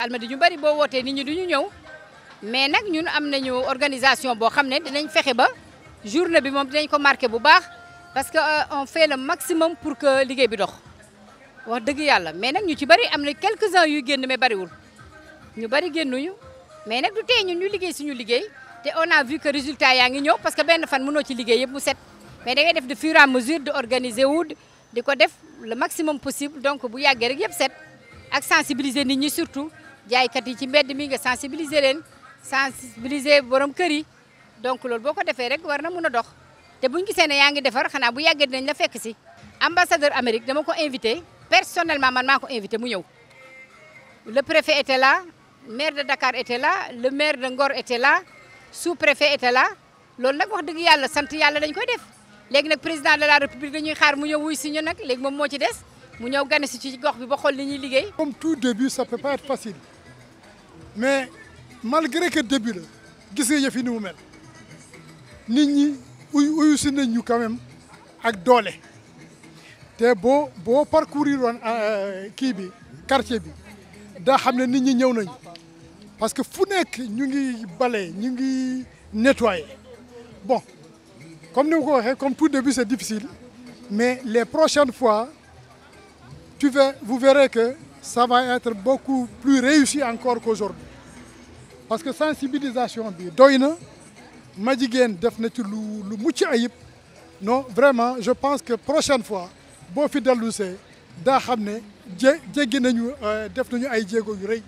almadi ñu bari bo wootee nit ñi duñu ñëw mais nak ñun am nañu organisation bo xam dinañ fexé ba journée bi mom dinañ ko marqué bu baax parce que euh, on fait le maximum pour que liggéey bi dox wax deug yalla mais nak ñu ci bari amna quelques uns yu genn mais bari wul ñu bari génnuñu mais nak du té ñun ñu liggéey suñu liguey té on a vu que résultat yaa ngi ñëw parce que ben fan mëno ci liguey yëpp mu set mais da ngay def de fur et à mesure de organiser wud diko def le maximum possible donc bu yagge rek yëpp set ak sensibiliser nit ñi surtout jaaykat yi ci mbedd mi nga sensibiliser leen sensibiliser borom kër donc loolu boo ko rek war na dox te buñ gisee ne yaa ngi defar bu yàggee dinañ la fekk si ambassadeur Amérique dama ko invité personnellement man maa invité mu ñëw le préfet était là maire de Dakar était là le maire de Ngor était là sous-préfet était là loolu nak wax dëgg yalla sant yalla dañ koy def légui nak président de la république dañuy xaar mu ñew wuy si nak légui mom mo ci dess mu ñew gane ci ci gox bi ba xol li ñuy liggéey. comme tout début ça peut pas être facile mais malgré que début la gis nga yëf yi ni mu mel nit ñi quand même ak dole. te beau boo parcourir woon euh, kii bi quartier bi daa xam que nit ñi parce que fu nekk ñu ngi bale ñu ngi nettoyer bon comme nous, comme tout début c'est difficile mais les prochaines fois tu vous verrez que ça va être beaucoup plus réussi encore qu'aujourd'hui parce que sensibilisation bi doina ma def non vraiment je pense que prochaine fois si fi dellusee euh, fidèles,